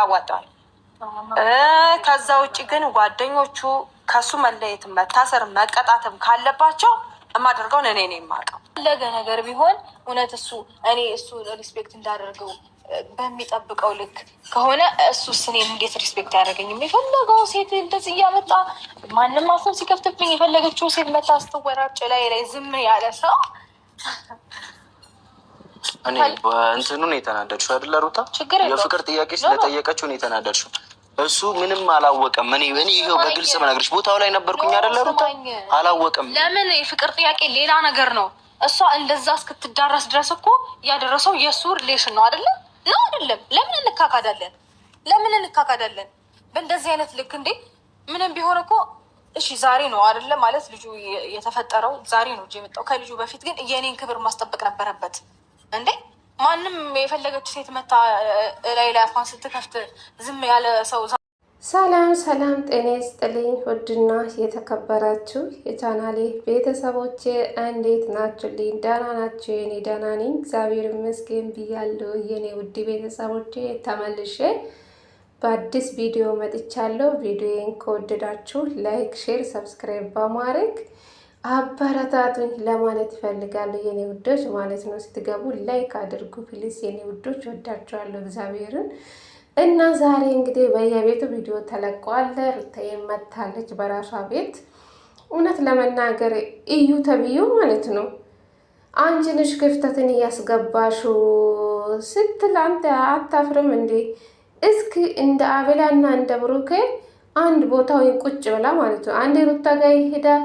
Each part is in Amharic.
ያዋጣዋል። ከዛ ውጭ ግን ጓደኞቹ ከሱ መለየት መታሰር መቀጣትም ካለባቸው የማደርገውን እኔ ነው የማውቀው። ፈለገ ነገር ቢሆን እውነት እሱ እኔ እሱ ሪስፔክት እንዳደርገው በሚጠብቀው ልክ ከሆነ እሱስ ስኔ እንዴት ሪስፔክት አያደርገኝም? የፈለገው ሴት እንደዚህ እያመጣ ማንም አፉን ሲከፍትብኝ የፈለገችው ሴት መታ ስትወራጭ ላይ ላይ ዝም ያለ ሰው እኔ በእንትኑ ነው የተናደድሽው አይደለ ሩታ? የፍቅር ጥያቄ ስለጠየቀችው ነው የተናደድሽው። እሱ ምንም አላወቀም። እኔ እኔ ይኸው በግልጽ መናገርሽ ቦታው ላይ ነበርኩኝ አይደለ ሩታ? አላወቀም። ለምን የፍቅር ጥያቄ ሌላ ነገር ነው። እሷ እንደዛ እስክትዳረስ ድረስ እኮ ያደረሰው የእሱ ሪሌሽን ነው አይደለ? ነው አይደለም? ለምን እንካካዳለን? ለምን እንካካዳለን? በእንደዚህ አይነት ልክ እንዴ! ምንም ቢሆን እኮ እሺ ዛሬ ነው አይደለም ማለት ልጁ የተፈጠረው ዛሬ ነው እ የመጣው ከልጁ በፊት ግን የእኔን ክብር ማስጠበቅ ነበረበት። እንዴ ማንም የፈለገች ሴት መታ ላይ ላይ አፏን ስትከፍት ዝም ያለ ሰው። ሰላም ሰላም፣ ጤና ይስጥልኝ ውድና የተከበራችሁ የቻናሌ ቤተሰቦቼ እንዴት ናችሁልኝ? ደህና ናችሁ? የኔ ደህና ነኝ እግዚአብሔር ይመስገን ብያለሁ። የኔ ውድ ቤተሰቦቼ ተመልሼ በአዲስ ቪዲዮ መጥቻለሁ። ቪዲዮን ከወደዳችሁ ላይክ፣ ሼር፣ ሰብስክራይብ በማድረግ አበረታቱኝ ለማለት ይፈልጋሉ የኔ ውዶች ማለት ነው። ስትገቡ ላይክ አድርጉ ፕሊስ የኔ ውዶች፣ ወዳቸዋለሁ እግዚአብሔርን እና ዛሬ እንግዲህ በየቤቱ ቪዲዮ ተለቀዋል። ሩታዬ መታለች በራሷ ቤት። እውነት ለመናገር እዩ ተብዩ ማለት ነው አንቺንሽ ክፍተትን እያስገባሹ ስትል አንተ አታፍርም እንዴ? እስኪ እንደ አቤላ እና እንደ ብሩኬ አንድ ቦታ ወይም ቁጭ ብላ ማለት ነው። አንድ ሩታ ጋር ይሄዳል፣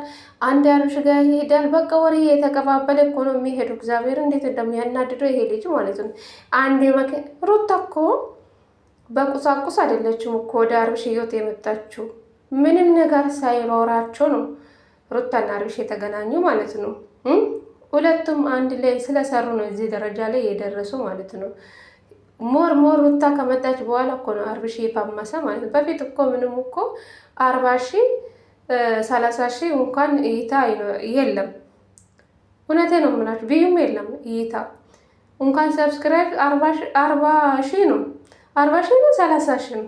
አንድ አብርሽ ጋር ይሄዳል። በቃ ወሬ የተቀባበለ እኮ ነው የሚሄዱ። እግዚአብሔር እንዴት እንደሚያናድደው ይሄ ልጅ ማለት ነው። አንድ ሩታ እኮ በቁሳቁስ አይደለችም እኮ ወደ አብርሽ ህይወት የመጣችው ምንም ነገር ሳይኖራቸው ነው ሩታና አብርሽ የተገናኙ ማለት ነው። ሁለቱም አንድ ላይ ስለሰሩ ነው እዚህ ደረጃ ላይ የደረሱ ማለት ነው። ሞር ሞር ሩታ ከመጣች በኋላ እኮ ነው አርብ ሺህ ባማሰ ማለት ነው። በፊት እኮ ምንም እኮ አርባ ሺህ ሰላሳ ሺህ እንኳን እይታ የለም። እውነቴ ነው የምላችሁ ብዩም የለም እይታ እንኳን ሰብስክራይብ አርባ ሺህ ነው አርባ ሺህ ነው ሰላሳ ሺህ ነው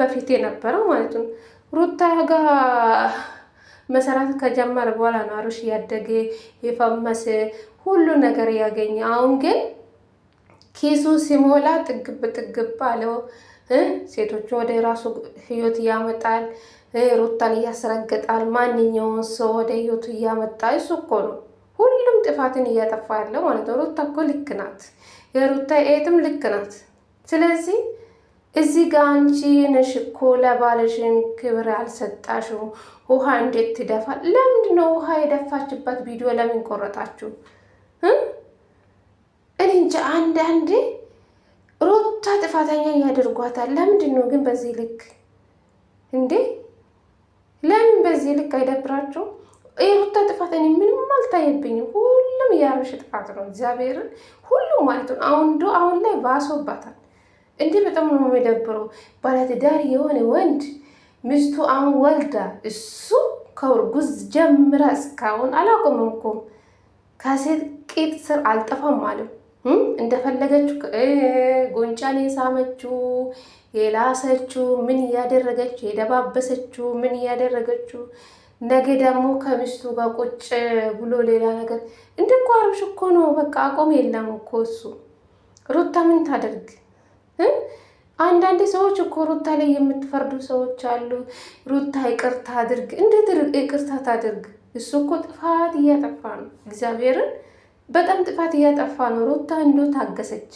በፊት የነበረው ማለት ነው። ሩታ ጋ መሰራት ከጀመረ በኋላ ነው አብርሽ ያደገ የፋመሰ ሁሉ ነገር ያገኘ አሁን ግን ኪሱ ሲሞላ ጥግብ ጥግብ አለው። ሴቶቹ ወደ ራሱ ህይወት እያመጣል፣ ሩታን እያስረግጣል፣ ማንኛውን ሰው ወደ ህይወቱ እያመጣ እሱ እኮ ነው ሁሉም ጥፋትን እያጠፋ ያለው ማለት ነው። ሩታ እኮ ልክ ናት፣ የሩታ ኤትም ልክ ናት። ስለዚህ እዚህ ጋ አንቺ ነሽ እኮ ክብር አልሰጣሽ። ውሃ እንዴት ትደፋል? ለምንድነው ውሃ የደፋችበት ቪዲዮ ለምን ቆረጣችሁ? እኔ እንጃ አንዳንዴ ሮታ ጥፋተኛ ያደርጓታል። ለምንድን ነው ግን በዚህ ልክ እንዴ? ለምን በዚህ ልክ አይደብራቸው? የሩታ ጥፋት እኔ ምንም አልታየብኝም። ሁሉም የአብርሽ ጥፋት ነው። እግዚአብሔርን ሁሉም ማለት ነው። አሁን ዶ አሁን ላይ ባሶባታል። እንዲህ በጣም ነው የሚደብረው። ባለትዳር የሆነ ወንድ ሚስቱ አሁን ወልዳ እሱ ከውርጉዝ ጀምረ እስካሁን አላቆመም እኮ ከሴት ቂጥ ስር አልጠፋም ማለት እንደፈለገችው ጉንጫን የሳመችው የላሰችው ምን እያደረገችው የደባበሰችው ምን እያደረገችው ነገ ደግሞ ከሚስቱ ጋር ቁጭ ብሎ ሌላ ነገር እንድኮ አብርሽ እኮ ነው። በቃ አቆም የለም እኮ እሱ። ሩታ ምን ታደርግ? አንዳንድ ሰዎች እኮ ሩታ ላይ የምትፈርዱ ሰዎች አሉ። ሩታ ይቅርታ አድርግ። እንዴት ይቅርታ ታድርግ? እሱ እኮ ጥፋት እያጠፋ ነው እግዚአብሔርን በጣም ጥፋት እያጠፋ ነው። ሩታ እንዶ ታገሰች።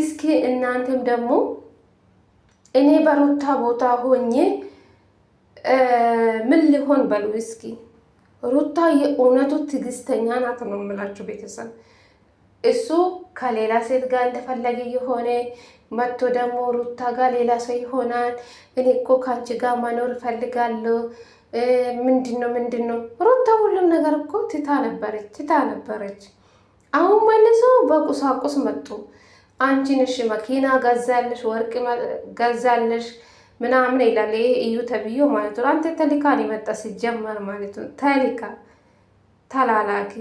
እስኪ እናንተም ደግሞ እኔ በሩታ ቦታ ሆኜ ምን ሊሆን በሉ እስኪ። ሩታ የእውነቱ ትዕግስተኛ ናት ነው የምላችሁ ቤተሰብ። እሱ ከሌላ ሴት ጋር እንደፈለገ የሆነ መጥቶ ደግሞ ሩታ ጋር ሌላ ሰው ይሆናል። እኔ እኮ ከአንቺ ጋር መኖር እፈልጋለሁ። ምንድን ነው ምንድን ነው? ሩታ ሁሉም ነገር እኮ ትታ ነበረች ትታ ነበረች። አሁን መልሶ በቁሳቁስ መጡ። አንቺንሽ መኪና ገዛለሽ፣ ወርቅ ገዛለሽ ምናምን ይላል። ይሄ እዩ ተብዮ ማለት ነው። አንተ ተልካን ይመጣ ሲጀመር ማለት ነው። ተልካ ተላላኪ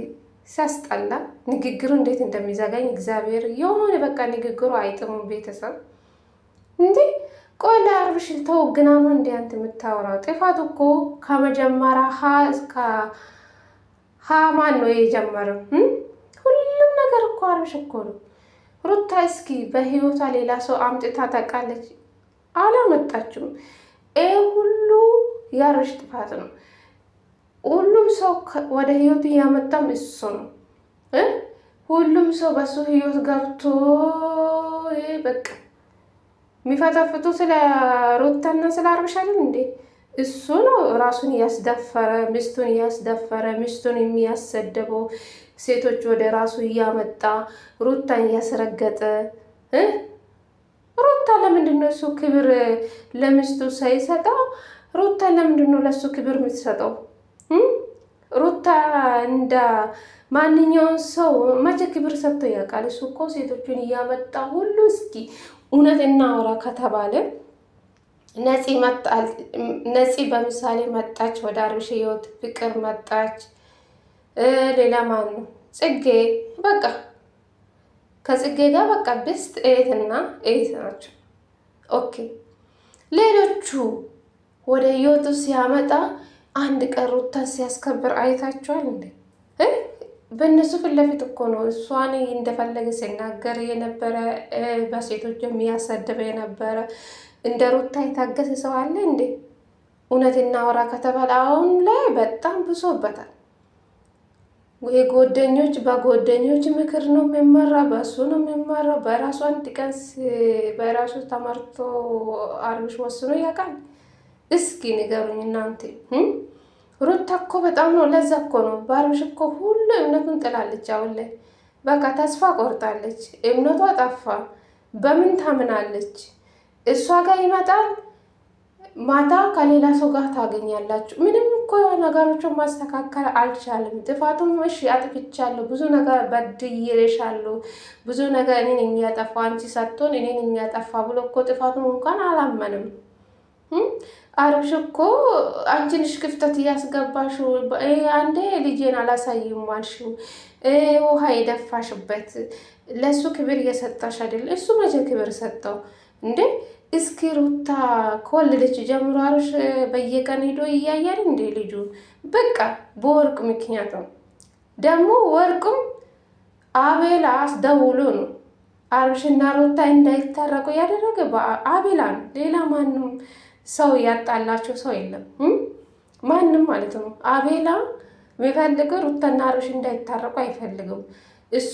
ሲያስጠላ ንግግሩ እንዴት እንደሚዘጋኝ እግዚአብሔር የሆነ በቃ ንግግሩ አይጥሙም። ቤተሰብ እንዴ ቆይ ለአርብሽል ተወግና ነው እንዲ አንተ የምታወራው ጥፋት እኮ ከመጀመሪያ ሀ እስከ ሀ ማን ነው የጀመረው? ሁሉም ነገር እኮ አርብሽ እኮ ነው። ሩታ እስኪ በህይወቷ ሌላ ሰው አምጥታ ታውቃለች? አላመጣችም። ይህ ሁሉ የአርብሽ ጥፋት ነው። ሁሉም ሰው ወደ ህይወት እያመጣም እሱ ነው። ሁሉም ሰው በሱ ህይወት ገብቶ በቃ የሚፈተፍቱ ስለ ሩታና ስለ እንዴ እሱ ነው ራሱን እያስደፈረ ሚስቱን እያስደፈረ ሚስቱን የሚያሰደበው ሴቶች ወደ ራሱ እያመጣ ሩታን እያስረገጠ ሩታ ለምንድነው እሱ ክብር ለሚስቱ ሳይሰጠው ሩታ ለምንድነው ለእሱ ክብር የምትሰጠው? ሩታ እንደ ማንኛውም ሰው መቼ ክብር ሰጥቶ ያውቃል? እሱ እኮ ሴቶቹን እያመጣ ሁሉ እስኪ እውነት እናውራ ከተባለ ነፂ በምሳሌ መጣች፣ ወደ አብርሽ ህይወት ፍቅር መጣች። ሌላ ማን ነው? ጽጌ በቃ ከጽጌ ጋር በቃ ብስት ኤትና ኤት ናቸው። ኦኬ ሌሎቹ ወደ ህይወቱ ሲያመጣ አንድ ቀን ሩታን ሲያስከብር አይታችኋል እንዴ? በእነሱ ፊት ለፊት እኮ ነው እሷን እንደፈለገ ሲናገር የነበረ በሴቶች የሚያሰድበ የነበረ። እንደ ሩታ የታገሰ ሰው አለ እንዴ? እውነት እናወራ ከተባለ አሁን ላይ በጣም ብሶበታል። ወይ ጎደኞች በጓደኞች ምክር ነው የሚመራ፣ በእሱ ነው የሚመራው። በራሱ አንድ ቀን በራሱ ተመርቶ አርብሽ ወስኖ ያውቃል? እስኪ ንገሩኝ እናንተ። ሩታ እኮ በጣም ነው። ለዛ እኮ ነው ባርሽ እኮ ሁሉ እምነቱን ጥላለች። አሁን ላይ በቃ ተስፋ ቆርጣለች። እምነቷ ጠፋ። በምን ታምናለች? እሷ ጋር ይመጣል ማታ ከሌላ ሰው ጋር ታገኛላችሁ። ምንም እኮ ነገሮችን ማስተካከል አልቻልም። ጥፋቱም እሺ አጥፍቻለሁ፣ ብዙ ነገር በድዬሻለሁ፣ ብዙ ነገር እኔን የሚያጠፋ አንቺ ሰጥቶን እኔን የሚያጠፋ ብሎ እኮ ጥፋቱን እንኳን አላመንም። አረብሽ እኮ አንቺንሽ ክፍተት እያስገባሽ አንዴ ልጄን አላሳይም አልሽው፣ ውሃ የደፋሽበት ለእሱ ክብር እየሰጠሽ አይደል? እሱ መቼ ክብር ሰጠው እንዴ? እስኪ ሩታ ከወለደች ጀምሮ አብርሽ በየቀን ሄዶ እያያል እንዴ ልጁ በቃ በወርቅ ምክንያት ነው። ደግሞ ወርቁም አቤላ አስደውሎ ነው አብርሽና ሩታ እንዳይታረቁ ያደረገ አቤላ ነው፣ ሌላ ማንም ሰው ያጣላቸው ሰው የለም ማንም ማለት ነው። አቤላ የሚፈልገው ሩታና አብርሽ እንዳይታረቁ አይፈልግም። እሱ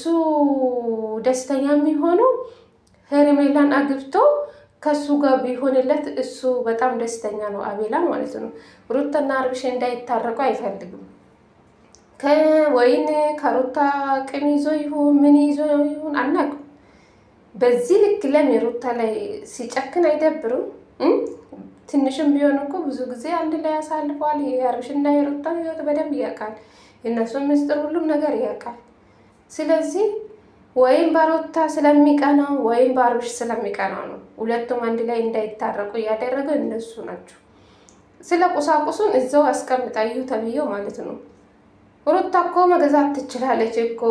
ደስተኛ የሚሆነው ሄርሜላን አግብቶ ከሱ ጋር ቢሆንለት እሱ በጣም ደስተኛ ነው፣ አቤላ ማለት ነው። ሩታና አብርሽ እንዳይታረቁ አይፈልግም። ከወይን ከሩታ ቅም ይዞ ይሁን ምን ይዞ ይሁን አናውቅም። በዚህ ልክ ለምን ሩታ ላይ ሲጨክን አይደብርም? ትንሽም ቢሆን እኮ ብዙ ጊዜ አንድ ላይ ያሳልፈዋል። እና የሩታ ህይወት በደንብ ያውቃል። የእነሱ ምስጢር ሁሉም ነገር ያውቃል። ስለዚህ ወይም በሩታ ስለሚቀናው ወይም በአብርሽ ስለሚቀናው ነው። ሁለቱም አንድ ላይ እንዳይታረቁ እያደረገው እነሱ ናቸው። ስለ ቁሳቁሱን እዛው አስቀምጣዩ ተብዬው ማለት ነው። ሩታ እኮ መገዛት ትችላለች እኮ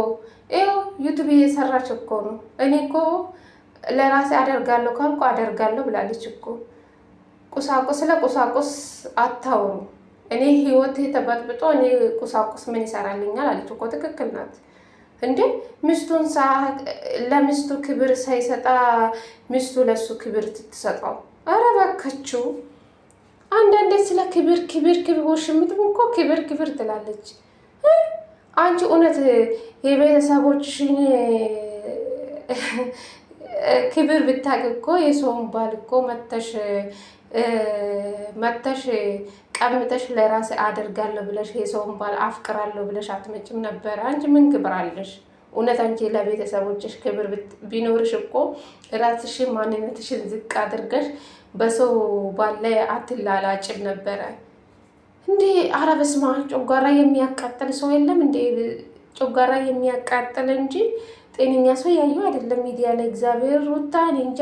ይኸው ዩቱብ እየሰራች እኮ ነው። እኔ እኮ ለራሴ አደርጋለሁ ካልኩ አደርጋለሁ ብላለች እኮ ቁሳቁስ ለቁሳቁስ አታውሩ። እኔ ህይወት ተበጥብጦ እኔ ቁሳቁስ ምን ይሰራልኛል አለች እኮ። ትክክል ናት እንዴ! ሚስቱን ለሚስቱ ክብር ሳይሰጣ ሚስቱ ለሱ ክብር ትሰጠው። አረ በካችሁ። አንዳንዴ ስለ ክብር ክብር ክብር ወሽምትም እኮ ክብር ክብር ትላለች። አንቺ እውነት የቤተሰቦችን ክብር ብታቅ እኮ የሰውን ባል እኮ መተሽ መተሽ ቀምጠሽ ለራሴ አደርጋለሁ ብለሽ የሰውን ባል አፍቅራለሁ ብለሽ አትመጭም ነበረ። አንቺ ምን ክብር አለሽ? እውነት አንቺ ለቤተሰቦችሽ ክብር ቢኖርሽ እኮ ራስሽን ማንነትሽን ዝቅ አድርገሽ በሰው ባል ላይ አትላላጭም ነበረ እንዴ! አረ በስመ አብ! ጮጋራ የሚያቃጥል ሰው የለም እንዴ? ጮጋራ የሚያቃጥል እንጂ ጤነኛ ሰው ያየው አይደለም ሚዲያ ላይ እግዚአብሔር ሩታ። እንጃ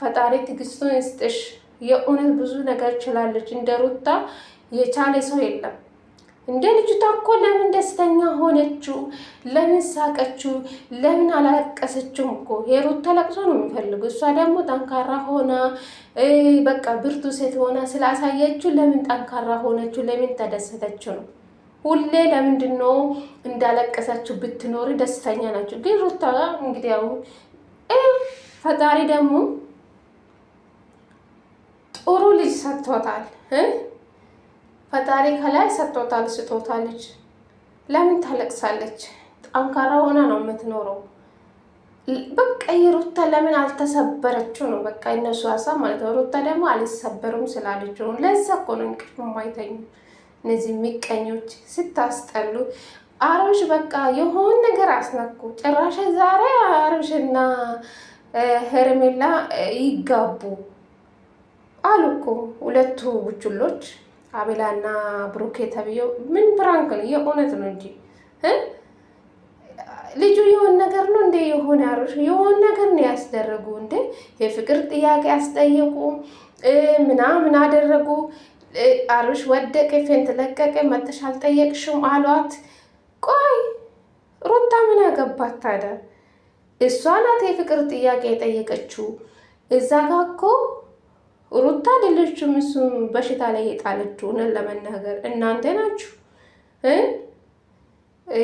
ፈጣሪ ትዕግስቱን ይስጥሽ። የእውነት ብዙ ነገር ችላለች። እንደ ሩታ የቻለ ሰው የለም። እንደ ልጅቷ እኮ ለምን ደስተኛ ሆነችው? ለምን ሳቀችው? ለምን አላለቀሰችም? እኮ የሩታ ለቅሶ ነው የሚፈልገው። እሷ ደግሞ ጠንካራ ሆና በቃ ብርቱ ሴት ሆና ስላሳየችው ለምን ጠንካራ ሆነችው? ለምን ተደሰተችው ነው ሁሌ ለምንድን ነው ብትኖር ደስተኛ ናቸው ግን ሩታ እንግዲህ ያው ፈጣሪ ደግሞ ጥሩ ልጅ ሰጥቶታል። ፈጣሪ ከላይ ሰጥቶታል ስጦታ። ልጅ ለምን ታለቅሳለች? ጠንካራ ሆና ነው የምትኖረው። በቃ የሩታ ለምን አልተሰበረችው ነው በቃ እነሱ ሀሳብ ማለት ነው። ሩታ ደግሞ አልሰበሩም ስላለች ነው። ለዛ እኮ ነው እንቅልፍ እነዚህ የሚቀኞች ስታስጠሉ። አብርሽ በቃ የሆን ነገር አስነኩ። ጭራሽ ዛሬ አብርሽና ሄርሜላ ይጋቡ አሉ እኮ ሁለቱ ቡችሎች አቤላና ብሩኬ ተብዬው። ምን ፕራንክ ነው? የእውነት ነው እንጂ ልጁ የሆን ነገር ነው እንደ የሆን ያሩ የሆን ነገር ነው ያስደረጉ እንደ የፍቅር ጥያቄ አስጠየቁ ምናምን አደረጉ። አብርሽ ወደቀ፣ ፌንት ለቀቀ። መተሽ አልጠየቅሽም አሏት። ቆይ ሩታ ምን ያገባት ታዲያ? እሷ ናት የፍቅር ጥያቄ የጠየቀችው እዛ ጋ እኮ ሩታ አይደለችም እሱ በሽታ ላይ የጣለችው። እውነት ለመናገር እናንተ ናችሁ።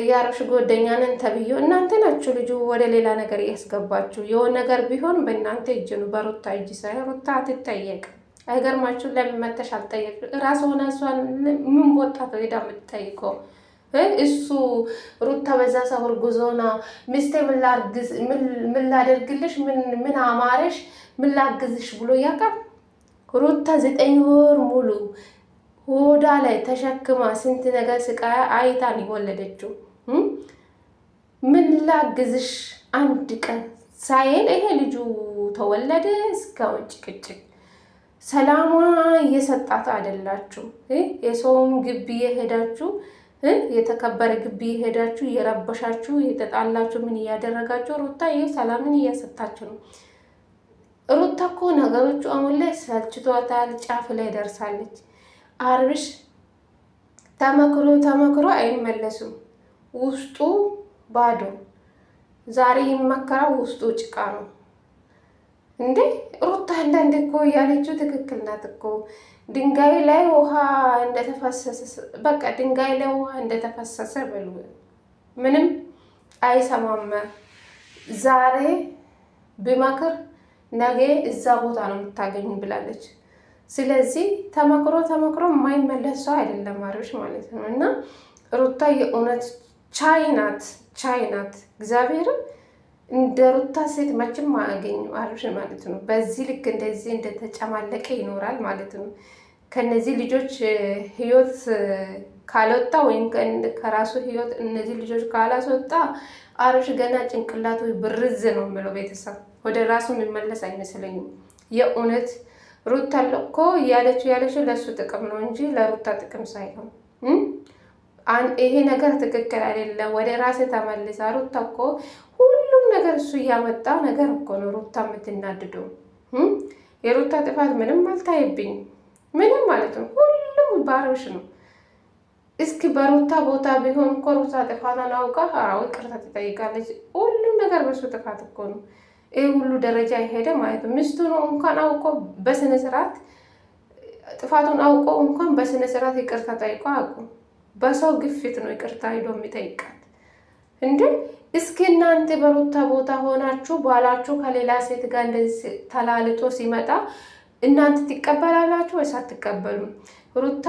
የአብርሽ ጓደኛ ነን ተብዬ እናንተ ናችሁ። ልጁ ወደ ሌላ ነገር እያስገባችሁ የሆነ ነገር ቢሆን በእናንተ እጅ ነው፣ በሩታ እጅ ሳይሆን። ሩታ አትጠየቅም። አይገርማችሁ? ለምን መተሽ አልጠየቅም? እራስ ሆነ እሷን ምን ቦታ ሄዳ የምትጠይቀው? እሱ ሩታ በዛ ሰውር ጉዞና ሚስቴ ምን ላደርግልሽ ምን አማረሽ፣ ምን ላግዝሽ ብሎ ያውቃል። ሩታ ዘጠኝ ወር ሙሉ ሆዳ ላይ ተሸክማ ስንት ነገር ስቃይ አይታን የወለደችው። ምን ላግዝሽ? አንድ ቀን ሳይል ይሄ ልጁ ተወለደ። እስካሁን ጭቅጭቅ ሰላሟ እየሰጣት አይደላችሁ። የሰውም ግቢ የሄዳችሁ የተከበረ ግቢ የሄዳችሁ እየረበሻችሁ፣ እየተጣላችሁ ምን እያደረጋችሁ ሩታ ይህ ሰላምን እያሰጣችሁ ነው። ሩታ እኮ ነገሮቹ አሁን ላይ ሰልችቷታል፣ ጫፍ ላይ ደርሳለች። አብርሽ ተመክሮ ተመክሮ አይመለሱም። ውስጡ ባዶ፣ ዛሬ ይመከራ ውስጡ ጭቃ ነው እንዴ! ሩታ አንዳንድ እኮ እያለችው ትክክል ናት እኮ ድንጋይ ላይ ውሃ እንደተፈሰሰ በቃ ድንጋይ ላይ ውሃ እንደተፈሰሰ በሉ ምንም አይሰማም። ዛሬ ቢመክር ነገ እዛ ቦታ ነው የምታገኙ ብላለች። ስለዚህ ተመክሮ ተመክሮ የማይመለስ ሰው አይደለም አብርሽ ማለት ነው። እና ሩታ የእውነት ቻይናት ቻይናት እግዚአብሔርን እንደ ሩታ ሴት መቼም አያገኙ አብርሽ ማለት ነው። በዚህ ልክ እንደዚህ እንደተጨማለቀ ይኖራል ማለት ነው። ከነዚህ ልጆች ህይወት ካልወጣ ወይም ከራሱ ህይወት እነዚህ ልጆች ካላስወጣ አብርሽ ገና ጭንቅላቱ ብርዝ ነው የምለው። ቤተሰብ ወደ ራሱ የሚመለስ አይመስለኝም። የእውነት ሩታ እኮ ያለችው ያለችው ለእሱ ጥቅም ነው እንጂ ለሩታ ጥቅም ሳይሆን ይሄ ነገር ትክክል አይደለም። ወደ ራሴ ተመልሳ ሩታ እኮ ሁሉም ነገር እሱ እያመጣ ነገር እኮ ነው ሩታ የምትናድደው። የሩታ ጥፋት ምንም አልታየብኝም። ምንም ማለት ነው። ሁሉም ባሮሽ ነው። እስኪ በሩታ ቦታ ቢሆን እኮ ሩታ ጥፋቷን አውቃ ቅርታ ትጠይቃለች። ሁሉም ነገር በሱ ጥፋት እኮ ነው ይህ ሁሉ ደረጃ የሄደ ማለት ነው። ሚስቱ ነው እንኳን አውቆ በስነ ስርዓት ጥፋቱን አውቆ እንኳን በስነ ስርዓት ይቅርታ ጠይቆ አቁ በሰው ግፊት ነው ይቅርታ ሂዶ የሚጠይቃት እንዴ! እስኪ እናንተ በሩታ ቦታ ሆናችሁ ባላችሁ ከሌላ ሴት ጋር እንደዚህ ተላልጦ ሲመጣ እናንተ ትቀበላላችሁ ወይስ አትቀበሉ? ሩታ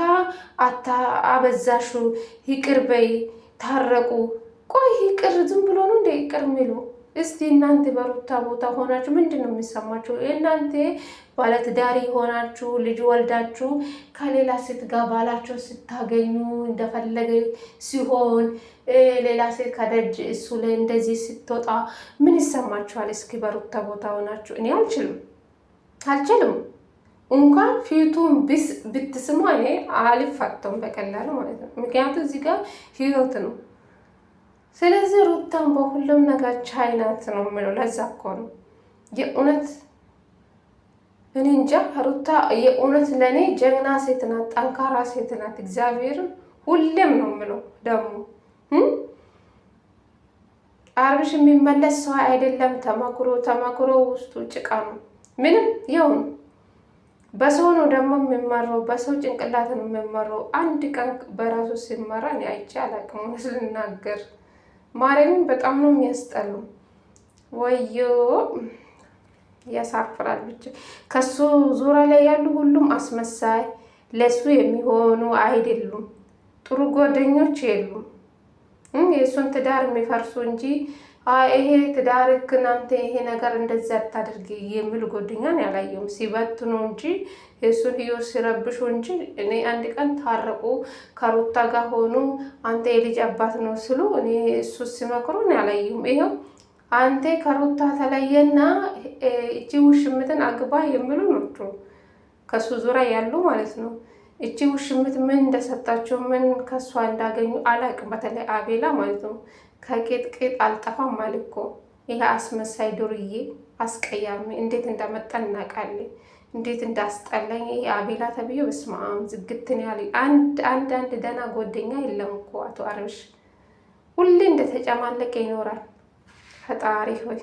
አታ አበዛሹ፣ ይቅር በይ፣ ታረቁ። ቆይ ይቅር ዝም ብሎ ነው እንደ ይቅር የሚሉ እስቲ እናንተ በሩታ ቦታ ሆናችሁ ምንድን ነው የሚሰማችሁ? እናንተ ባለትዳሪ ሆናችሁ ልጅ ወልዳችሁ ከሌላ ሴት ጋር ባላችሁ ስታገኙ እንደፈለገ ሲሆን ሌላ ሴት ከደጅ እሱ ላይ እንደዚህ ስትወጣ ምን ይሰማችኋል? እስኪ በሩታ ቦታ ሆናችሁ እኔ አልችልም አልችልም። እንኳን ፊቱን ብትስሙ እኔ አልፋተውም በቀላሉ ማለት ነው። ምክንያቱም እዚህ ጋር ህይወት ነው። ስለዚህ ሩታን በሁሉም ነገር ቻይ ነው የምለው። ለዛ እኮ ነው የእውነት እኔ እንጃ። ሩታ የእውነት ለእኔ ጀግና ሴት ናት፣ ጠንካራ ሴት ናት። እግዚአብሔርን ሁሌም ነው የምለው ደግሞ አብርሽ የሚመለስ ሰው አይደለም። ተመክሮ ተመክሮ ውስጡ ጭቃ ነው። ምንም ይኸው ነው። በሰው ነው ደግሞ የሚመራው፣ በሰው ጭንቅላት ነው የሚመራው። አንድ ቀን በራሱ ሲመራ እኔ አይቼ አላውቅም። እውነት ልናገር ማርያምን በጣም ነው የሚያስጠሉ። ወዮ ያሳፍራል። ብቻ ከሱ ዙሪያ ላይ ያሉ ሁሉም አስመሳይ፣ ለሱ የሚሆኑ አይደሉም። ጥሩ ጓደኞች የሉም። የእሱን ትዳር የሚፈርሱ እንጂ ይሄ ትዳርክ እናንተ ይሄ ነገር እንደዚህ አታድርግ የሚል ጓደኛን ያላየውም። ሲበትኑ እንጂ የእሱን ህይወት ሲረብሹ እንጂ እኔ አንድ ቀን ታረቁ ከሩታ ጋር ሆኑ አንተ የልጅ አባት ነው ስሉ እኔ እሱ ሲመክሩን ያላየውም። ይኸው አንተ ከሩታ ተለየና እቺ ውሽምትን አግባ የሚሉ ናቸው ከሱ ዙሪያ ያሉ ማለት ነው። እቺ ውሽምት ምን እንደሰጣቸው ምን ከሷ እንዳገኙ አላቅም። በተለይ አቤላ ማለት ነው ከቄጥቄጥ አልጠፋም አልኮ እኮ ይህ አስመሳይ ዱርዬ አስቀያሚ እንዴት እንዳመጣ እናውቃለን። እንዴት እንዳስጠላኝ ይሄ አቤላ ተብዮ በስመ አብ ዝግትን ያለ አንድ አንድ አንድ ደህና ጓደኛ የለም እኮ አቶ አርብሽ ሁሌ እንደተጨማለቀ ይኖራል። ፈጣሪ ሆይ